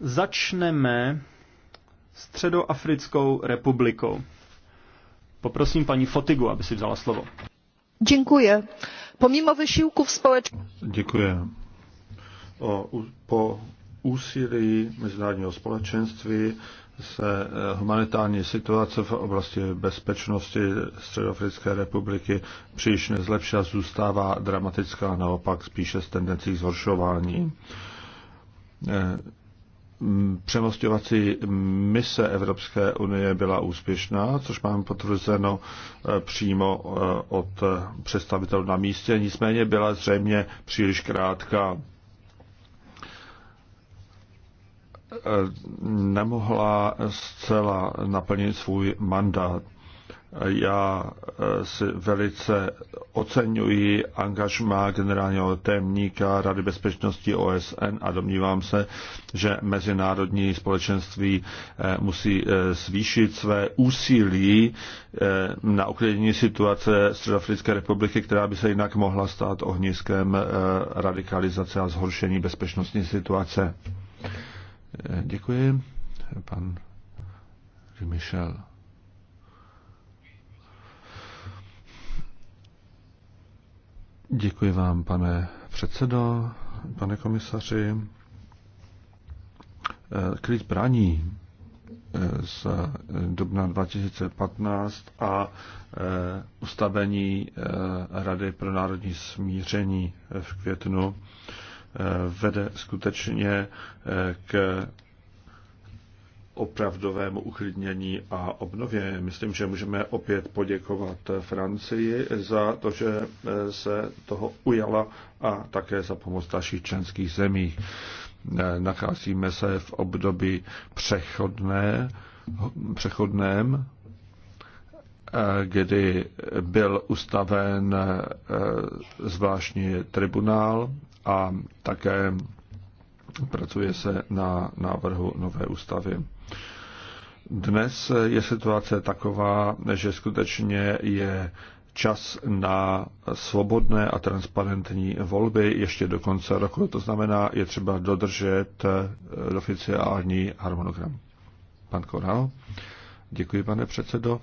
Začneme Středoafrickou republikou. Poprosím paní Fotigu, aby si vzala slovo. Děkuji. Pomimo v společnosti. Děkuji. O, po úsilí mezinárodního společenství se eh, humanitární situace v oblasti bezpečnosti Středoafrické republiky příliš nezlepšila, zůstává dramatická, naopak spíše s tendencí zhoršování. Eh, Mm, Přemostňovací mise Evropské unie byla úspěšná, což mám potvrzeno e, přímo e, od představitelů na místě, nicméně byla zřejmě příliš krátká. E, nemohla zcela naplnit svůj mandát. Já eh, si velice oceňuji angažmá generálního témníka Rady bezpečnosti OSN a domnívám se, že mezinárodní společenství eh, musí eh, zvýšit své úsilí na uklidnění situace Středoafrické republiky, která by se jinak mohla stát ohniskem radikalizace a zhoršení bezpečnostní situace. Děkuji. Pan Michel. Děkuji vám, pane předsedo, pane komisaři. Eh, klid brání eh, z dubna 2015 a eh, ustavení Rady pro národní smíření v květnu vede skutečně k opravdovému uklidnění a obnově. Myslím, že můžeme opět poděkovat Francii za to, že se toho ujala a také za pomoc dalších členských zemí. Nacházíme se v období přechodné, přechodném, kdy byl ustaven eh, zvláštní tribunál a také pracuje se na návrhu nové ústavy. Dnes je situace taková, že skutečně je čas na svobodné a transparentní volby ještě do konce roku. To znamená, je třeba dodržet eh, oficiální harmonogram. Pan Koral. Děkuji, pane předsedo.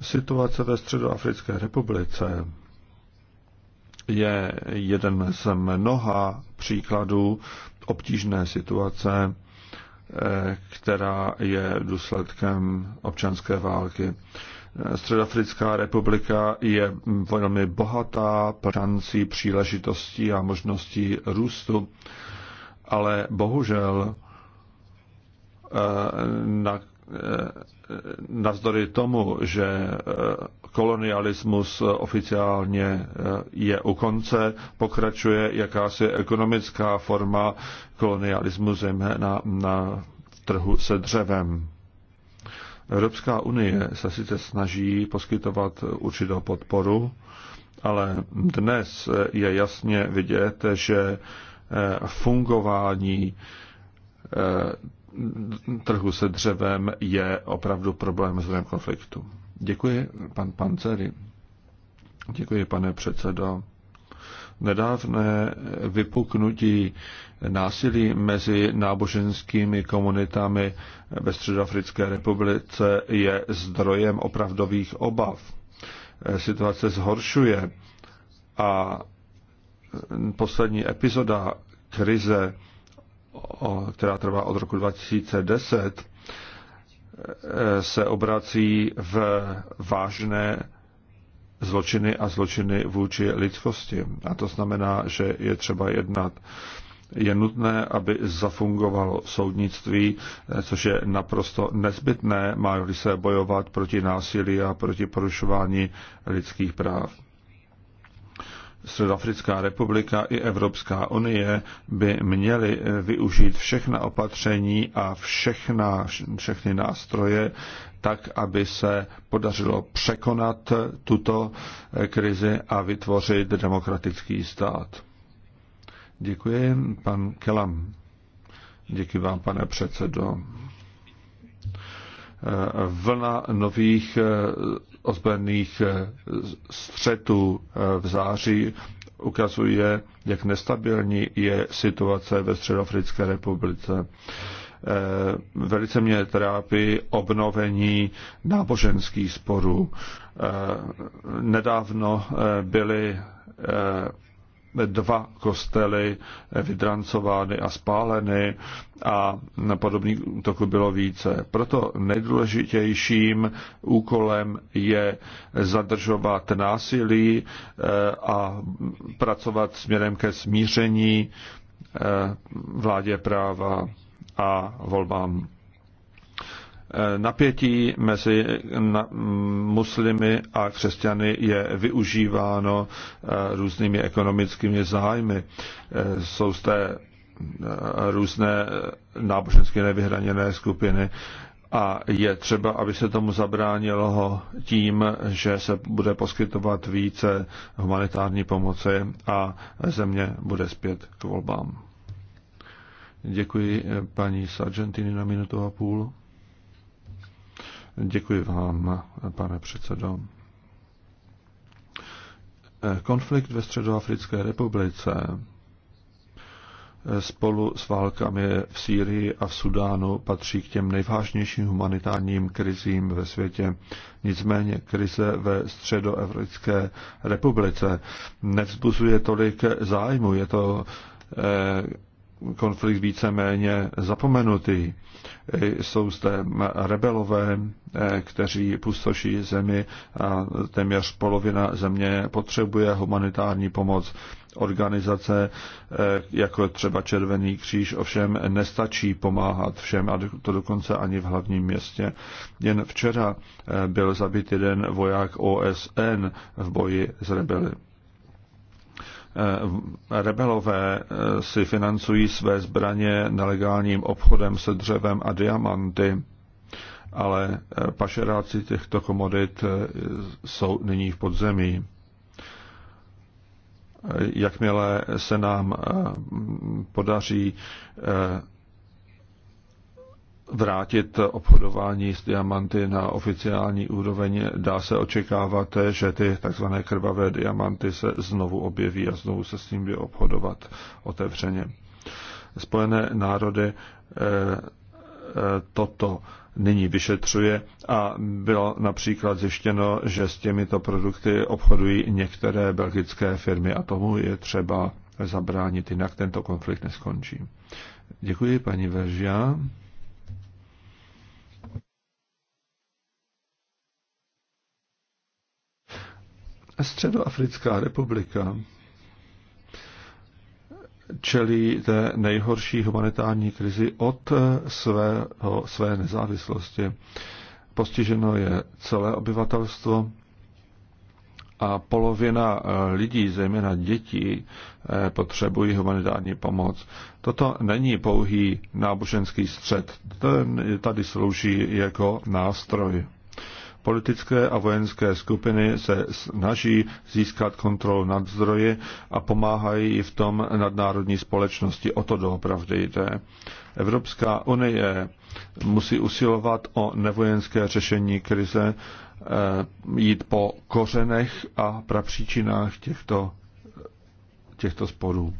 Situace ve Středoafrické republice je jeden z mnoha příkladů obtížné situace, Eh, která je důsledkem občanské války. Eh, Středoafrická republika je velmi bohatá šancí, příležitostí a možností růstu, ale bohužel eh, na Eh, navzdory tomu, že eh, kolonialismus oficiálně eh, je u konce, pokračuje jakási ekonomická forma kolonialismu země na, na trhu se dřevem. Evropská unie se sice snaží poskytovat určitou podporu, ale dnes je jasně vidět, že fungování trhu se dřevem je opravdu problém vzhledem konfliktu. Děkuji, pan Panceri. Děkuji, pane předsedo. Nedávné vypuknutí násilí mezi náboženskými komunitami ve Středoafrické republice je zdrojem opravdových obav. Situace zhoršuje a poslední epizoda krize která trvá od roku 2010, eh, se obrací v vážné zločiny a zločiny vůči lidskosti. A to znamená, že je třeba jednat. Je nutné, aby zafungovalo soudnictví, eh, což je naprosto nezbytné, má se bojovat proti násilí a proti porušování lidských práv. Sudafrická republika i Evropská unie by měly eh, využít všechna opatření a všechna, všechny nástroje tak, aby se podařilo překonat eh, tuto eh, krizi a vytvořit demokratický stát. Děkuji, pan Kelam. Děkuji vám, pane předsedo. Vlna nových ozbrojených eh, střetů eh, v září ukazuje, jak nestabilní je situace ve Středoafrické republice. Eh, velice mě trápí obnovení náboženských sporů. Nedávno byly dva kostely vydrancovány a spáleny a podobných útoků bylo více. Proto nejdůležitějším úkolem je zadržovat násilí eh, a pracovat směrem ke smíření eh, vládě práva a volbám napětí mezi muslimy a křesťany je využíváno eh, různými ekonomickými zájmy. Eh, jsou zde eh, různé nábožensky nevyhraněné skupiny a je třeba, aby se tomu zabránilo tím, že se bude poskytovat více humanitární pomoci a země bude zpět k volbám. Děkuji paní Sargentini na minutu a půl. Děkuji vám, pane předsedo. Konflikt ve Středoafrické republice spolu s válkami v Sýrii a v Sudánu patří k těm nejvážnějším humanitárním krizím ve světě. Nicméně krize ve Středoevropské republice nevzbuzuje tolik zájmu. Je to eh, konflikt víceméně zapomenutý. Jsou zde rebelové, eh, kteří pustoší zemi a téměř polovina země potřebuje humanitární pomoc. Organizace eh, jako třeba Červený kříž ovšem nestačí pomáhat všem a to dokonce ani v hlavním městě. Jen včera eh, byl zabit jeden voják OSN v boji s rebeli. Eh, rebelové eh, si financují své zbraně nelegálním obchodem se dřevem a diamanty, ale eh, pašeráci těchto komodit jsou nyní v podzemí. Jakmile se nám podaří vrátit obchodování s diamanty na oficiální úroveň, dá se očekávat, že ty tzv. krvavé diamanty se znovu objeví a znovu se s tím bude obchodovat otevřeně. Spojené národy eh, eh, toto nyní vyšetřuje a bylo například zjištěno, že s těmito produkty obchodují některé belgické firmy a tomu je třeba zabránit, jinak tento konflikt neskončí. Děkuji, paní Veržia. Středoafrická republika čelí té nejhorší humanitární krizi od svého, své nezávislosti. Postiženo je celé obyvatelstvo a polovina eh, lidí, zejména dětí, eh, potřebují humanitární pomoc. Toto není pouhý náboženský střed, ten tady slouží jako nástroj. Politické a vojenské skupiny se snaží získat kontrolu nad zdroji a pomáhají v tom nadnárodní společnosti. O to doopravdy jde. Evropská unie musí usilovat o nevojenské řešení krize, eh, jít po kořenech a prapříčinách těchto, těchto sporů.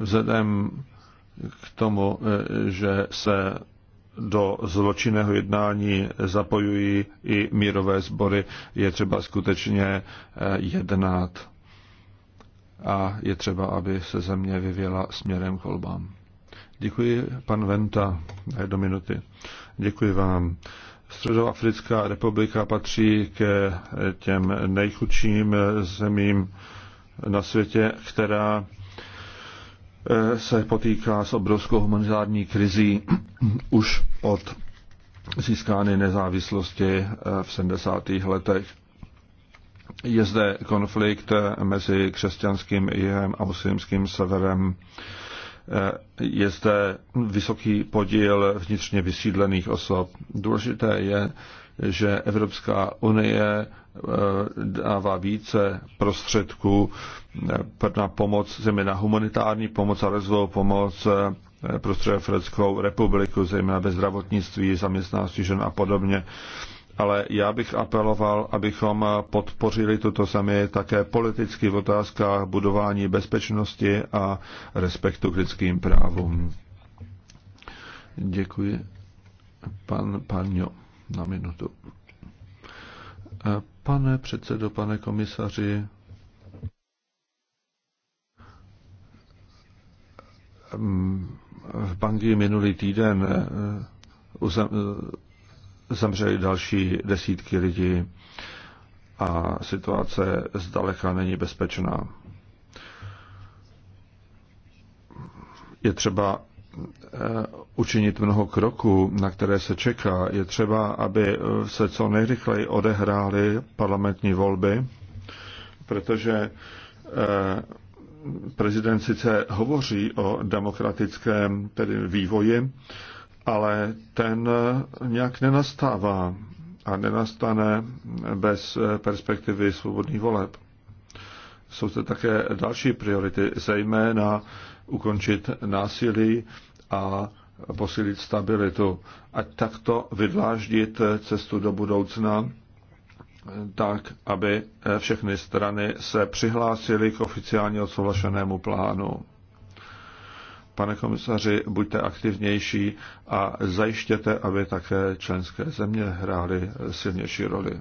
Vzhledem k tomu, eh, že se do zločinného jednání zapojují i mírové sbory, je třeba skutečně eh, jednat a je třeba, aby se země vyvěla směrem k volbám. Děkuji, pan Venta, eh, do minuty. Děkuji vám. Středoafrická republika patří k eh, těm nejchudším zemím na světě, která Eh, se potýká s obrovskou humanitární krizí už od získány nezávislosti eh, v 70. letech. Je zde konflikt eh, mezi křesťanským jihem a muslimským severem. Je zde vysoký podíl vnitřně vysídlených osob. Důležité je, že Evropská unie eh, dává více prostředků eh, na pomoc, zejména humanitární pomoc a rozvojovou pomoc eh, pro Středoafrickou republiku, zejména ve zdravotnictví, zaměstnanosti žen a podobně. Ale já bych apeloval, abychom podpořili tuto zemi také politicky v otázkách budování bezpečnosti a respektu k lidským právům. Děkuji. Pan Paňo na minutu. E, pane předsedo, pane komisaři, mm, v Bangi minulý týden e, e, zemřeli další desítky lidí a situace zdaleka není bezpečná. Je třeba Eh, učinit mnoho kroků, na které se čeká. Je třeba, aby eh, se co nejrychleji odehrály parlamentní volby, protože eh, prezident sice hovoří o demokratickém tedy vývoji, ale ten nějak nenastává a nenastane bez perspektivy svobodných voleb. Jsou zde také další priority, zejména ukončit násilí a posílit stabilitu. Ať takto vydláždit cestu do budoucna, tak, aby všechny strany se přihlásily k oficiálně odsouhlašenému plánu. Pane komisaři, buďte aktivnější a zajištěte, aby také členské země hrály silnější roli.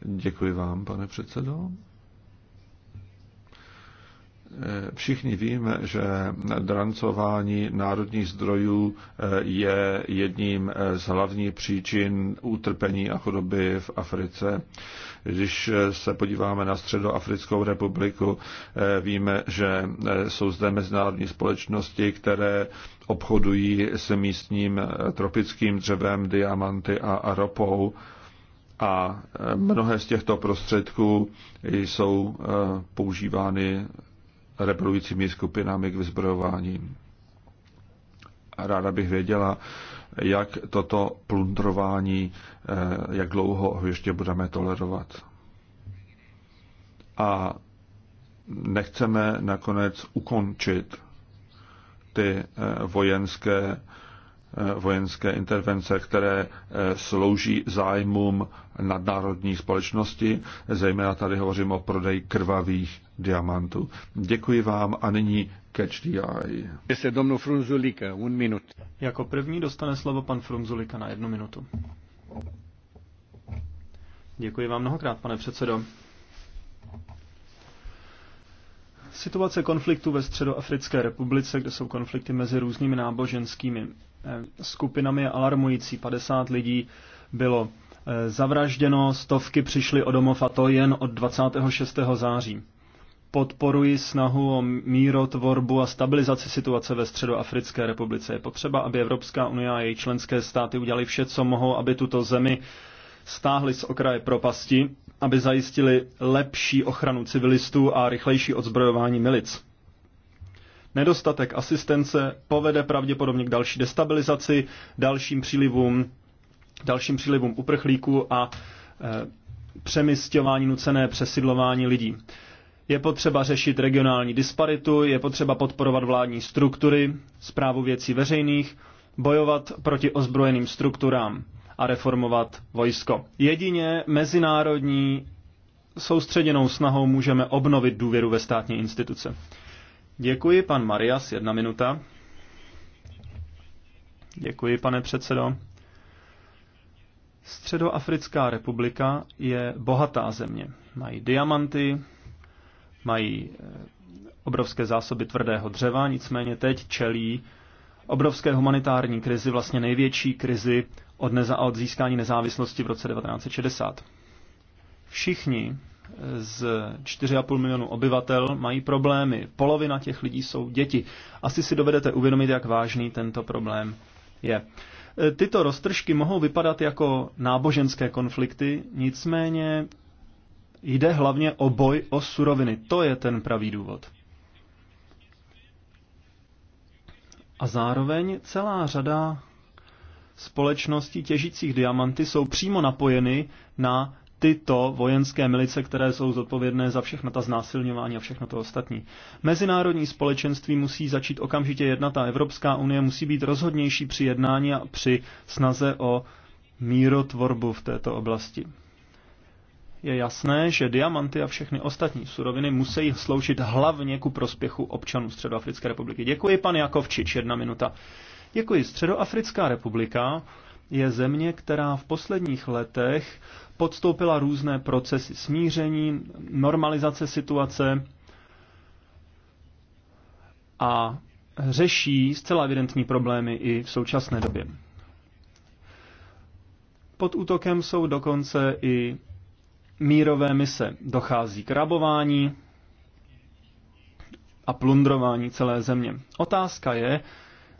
Děkuji vám, pane předsedo. Všichni víme, že drancování národních zdrojů eh, je jedním eh, z hlavních příčin utrpení a chudoby v Africe. Když eh, se podíváme na Středoafrickou republiku, víme, že jsou zde mezinárodní společnosti, které obchodují s místním tropickým dřevem, diamanty a ropou a mnohé z těchto prostředků jsou používány repelujícími skupinami k vyzbrojování. Ráda bych věděla, jak toto plundrování, eh, jak dlouho ho ještě budeme tolerovat. A nechceme nakonec ukončit ty eh, vojenské Eh, vojenské intervence, které eh, slouží zájmům nadnárodní společnosti. Zejména tady hovořím o prodeji krvavých diamantů. Děkuji vám a nyní catch the eye. Se domnu Frunzulika, un minut. Jako první dostane slovo pan Frunzulika na jednu minutu. Děkuji vám mnohokrát, pane předsedo. Situace konfliktu ve Středoafrické republice, kde jsou konflikty mezi různými náboženskými Eh, skupinami je alarmující. 50 lidí bylo eh, zavražděno, stovky přišly o domov a to jen od 26. září. Podporuji snahu o mírotvorbu a stabilizaci situace ve Středoafrické republice. Je potřeba, aby Evropská unie a její členské státy udělali vše, co mohou, aby tuto zemi stáhli z okraje propasti, aby zajistili lepší ochranu civilistů a rychlejší odzbrojování milic. Nedostatek asistence povede pravděpodobně k další destabilizaci, dalším přílivům, dalším přílivům uprchlíků a e, přemysťování, nucené přesidlování lidí. Je potřeba řešit regionální disparitu, je potřeba podporovat vládní struktury, zprávu věcí veřejných, bojovat proti ozbrojeným strukturám a reformovat vojsko. Jedině mezinárodní soustředěnou snahou můžeme obnovit důvěru ve státní instituce. Děkuji, pan Marias, jedna minuta. Děkuji, pane předsedo. Středoafrická republika je bohatá země. Mají diamanty, mají eh, obrovské zásoby tvrdého dřeva, nicméně teď čelí obrovské humanitární krizi, vlastně největší krizi od, neza- od získání nezávislosti v roce 1960. Všichni z 4,5 milionu obyvatel mají problémy. Polovina těch lidí jsou děti. Asi si dovedete uvědomit, jak vážný tento problém je. E, tyto roztržky mohou vypadat jako náboženské konflikty, nicméně jde hlavně o boj o suroviny. To je ten pravý důvod. A zároveň celá řada společností těžících diamanty jsou přímo napojeny na tyto vojenské milice, které jsou zodpovědné za všechno ta znásilňování a všechno to ostatní. Mezinárodní společenství musí začít okamžitě jednat a Evropská unie musí být rozhodnější při jednání a při snaze o mírotvorbu v této oblasti. Je jasné, že diamanty a všechny ostatní suroviny musí sloužit hlavně ku prospěchu občanů Středoafrické republiky. Děkuji, pan Jakovčič, jedna minuta. Děkuji. Středoafrická republika je země, která v posledních letech podstoupila různé procesy smíření, normalizace situace a řeší zcela evidentní problémy i v současné době. Pod útokem jsou dokonce i mírové mise. Dochází k rabování a plundrování celé země. Otázka je,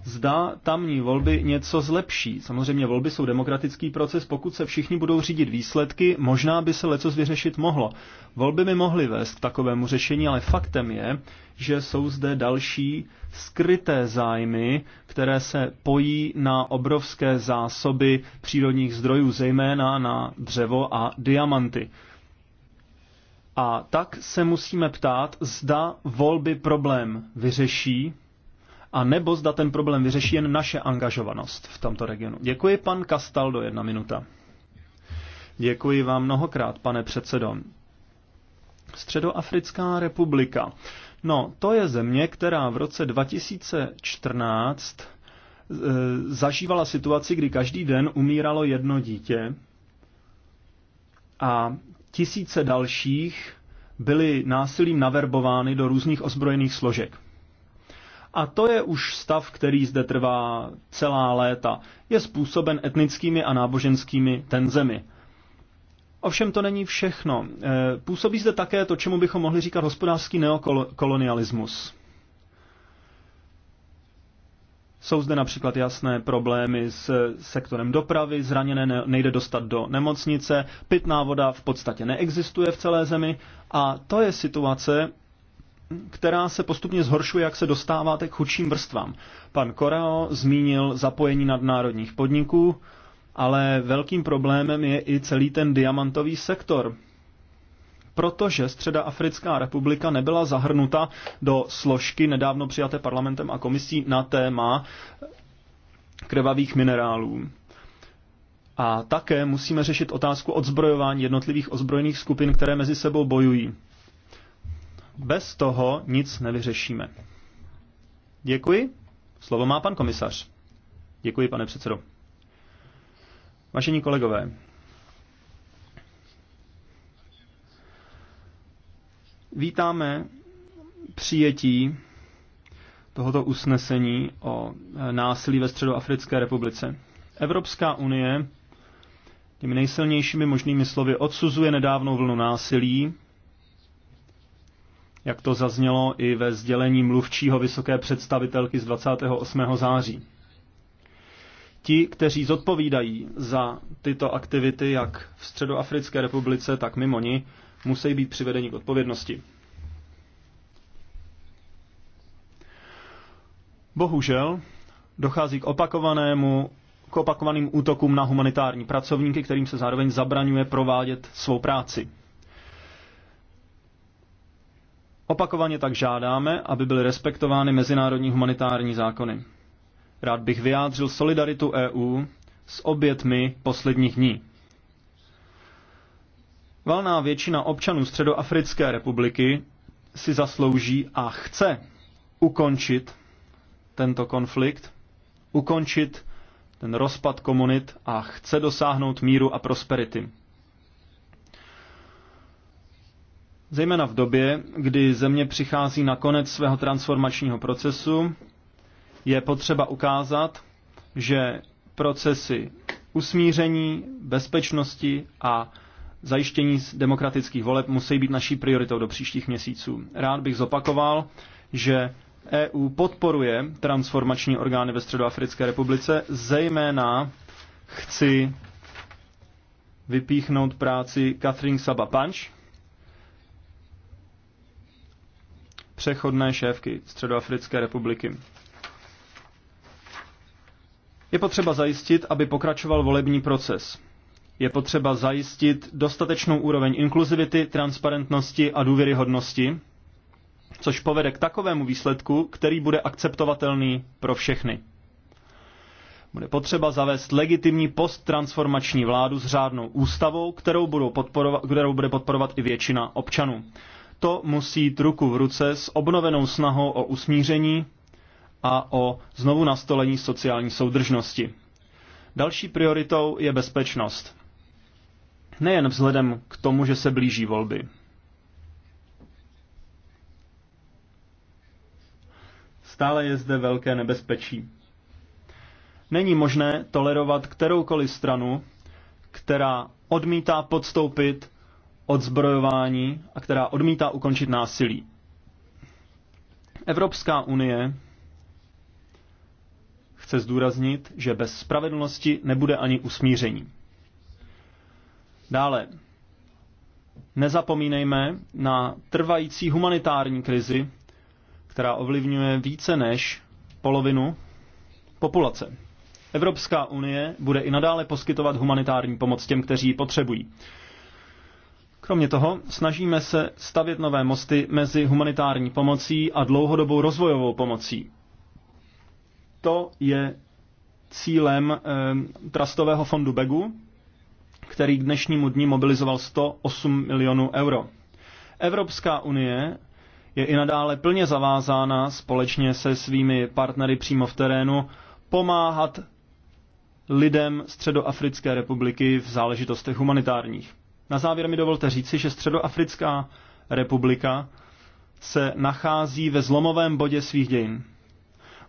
zda tamní volby něco zlepší. Samozřejmě volby jsou demokratický proces, pokud se všichni budou řídit výsledky, možná by se leco vyřešit mohlo. Volby by mohly vést k takovému řešení, ale faktem je, že jsou zde další skryté zájmy, které se pojí na obrovské zásoby přírodních zdrojů, zejména na dřevo a diamanty. A tak se musíme ptát, zda volby problém vyřeší, a nebo zda ten problém vyřeší jen naše angažovanost v tomto regionu. Děkuji, pan Kastal, do jedna minuta. Děkuji vám mnohokrát, pane předsedo. Středoafrická republika. No, to je země, která v roce 2014 e, zažívala situaci, kdy každý den umíralo jedno dítě a tisíce dalších byly násilím naverbovány do různých ozbrojených složek. A to je už stav, který zde trvá celá léta. Je způsoben etnickými a náboženskými tenzemi. Ovšem to není všechno. E, působí zde také to, čemu bychom mohli říkat hospodářský neokolonialismus. Jsou zde například jasné problémy s sektorem dopravy, zraněné nejde dostat do nemocnice, pitná voda v podstatě neexistuje v celé zemi a to je situace, která se postupně zhoršuje, jak se dostáváte k chudším vrstvám. Pan Korao zmínil zapojení nadnárodních podniků, ale velkým problémem je i celý ten diamantový sektor, protože Africká republika nebyla zahrnuta do složky nedávno přijaté parlamentem a komisí na téma krvavých minerálů. A také musíme řešit otázku odzbrojování jednotlivých ozbrojených skupin, které mezi sebou bojují. Bez toho nic nevyřešíme. Děkuji. Slovo má pan komisař. Děkuji, pane předsedo. Vašení kolegové, vítáme přijetí tohoto usnesení o násilí ve Středoafrické republice. Evropská unie těmi nejsilnějšími možnými slovy odsuzuje nedávnou vlnu násilí, jak to zaznělo i ve sdělení mluvčího vysoké představitelky z 28. září. Ti, kteří zodpovídají za tyto aktivity jak v Středoafrické republice, tak mimo ní, musí být přivedeni k odpovědnosti. Bohužel dochází k opakovanému k opakovaným útokům na humanitární pracovníky, kterým se zároveň zabraňuje provádět svou práci. Opakovaně tak žádáme, aby byly respektovány mezinárodní humanitární zákony. Rád bych vyjádřil solidaritu EU s obětmi posledních dní. Valná většina občanů Středoafrické republiky si zaslouží a chce ukončit tento konflikt, ukončit ten rozpad komunit a chce dosáhnout míru a prosperity. Zejména v době, kdy země přichází na konec svého transformačního procesu, je potřeba ukázat, že procesy usmíření, bezpečnosti a zajištění demokratických voleb musí být naší prioritou do příštích měsíců. Rád bych zopakoval, že EU podporuje transformační orgány ve Středoafrické republice, zejména chci vypíchnout práci Catherine Saba Punch, přechodné šéfky Středoafrické republiky. Je potřeba zajistit, aby pokračoval volební proces. Je potřeba zajistit dostatečnou úroveň inkluzivity, transparentnosti a důvěryhodnosti, což povede k takovému výsledku, který bude akceptovatelný pro všechny. Bude potřeba zavést legitimní posttransformační vládu s řádnou ústavou, kterou, budou kterou bude podporovat i většina občanů. To musí jít ruku v ruce s obnovenou snahou o usmíření a o znovu nastolení sociální soudržnosti. Další prioritou je bezpečnost. Nejen vzhledem k tomu, že se blíží volby. Stále je zde velké nebezpečí. Není možné tolerovat kteroukoliv stranu, která odmítá podstoupit odzbrojování a která odmítá ukončit násilí. Evropská unie chce zdůraznit, že bez spravedlnosti nebude ani usmíření. Dále, nezapomínejme na trvající humanitární krizi, která ovlivňuje více než polovinu populace. Evropská unie bude i nadále poskytovat humanitární pomoc těm, kteří ji potřebují. Kromě toho snažíme se stavět nové mosty mezi humanitární pomocí a dlouhodobou rozvojovou pomocí. To je cílem e, eh, Trastového fondu BEGU, který k dnešnímu dní mobilizoval 108 milionů euro. Evropská unie je i nadále plně zavázána společně se svými partnery přímo v terénu pomáhat lidem Středoafrické republiky v záležitostech humanitárních. Na závěr mi dovolte říci, že Středoafrická republika se nachází ve zlomovém bodě svých dějin.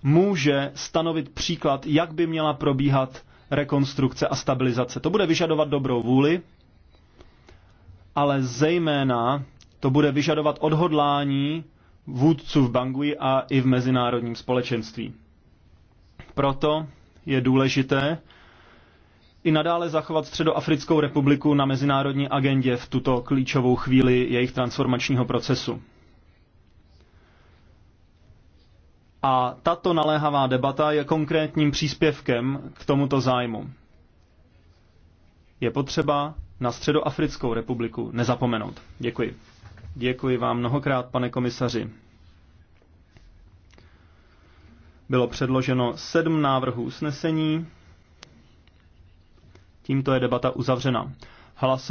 Může stanovit příklad, jak by měla probíhat rekonstrukce a stabilizace. To bude vyžadovat dobrou vůli, ale zejména to bude vyžadovat odhodlání vůdců v Bangui a i v mezinárodním společenství. Proto je důležité, i nadále zachovat Středoafrickou republiku na mezinárodní agendě v tuto klíčovou chvíli jejich transformačního procesu. A tato naléhavá debata je konkrétním příspěvkem k tomuto zájmu. Je potřeba na Středoafrickou republiku nezapomenout. Děkuji. Děkuji vám mnohokrát, pane komisaři. Bylo předloženo sedm návrhů usnesení. Tímto je debata uzavřena. Hlas.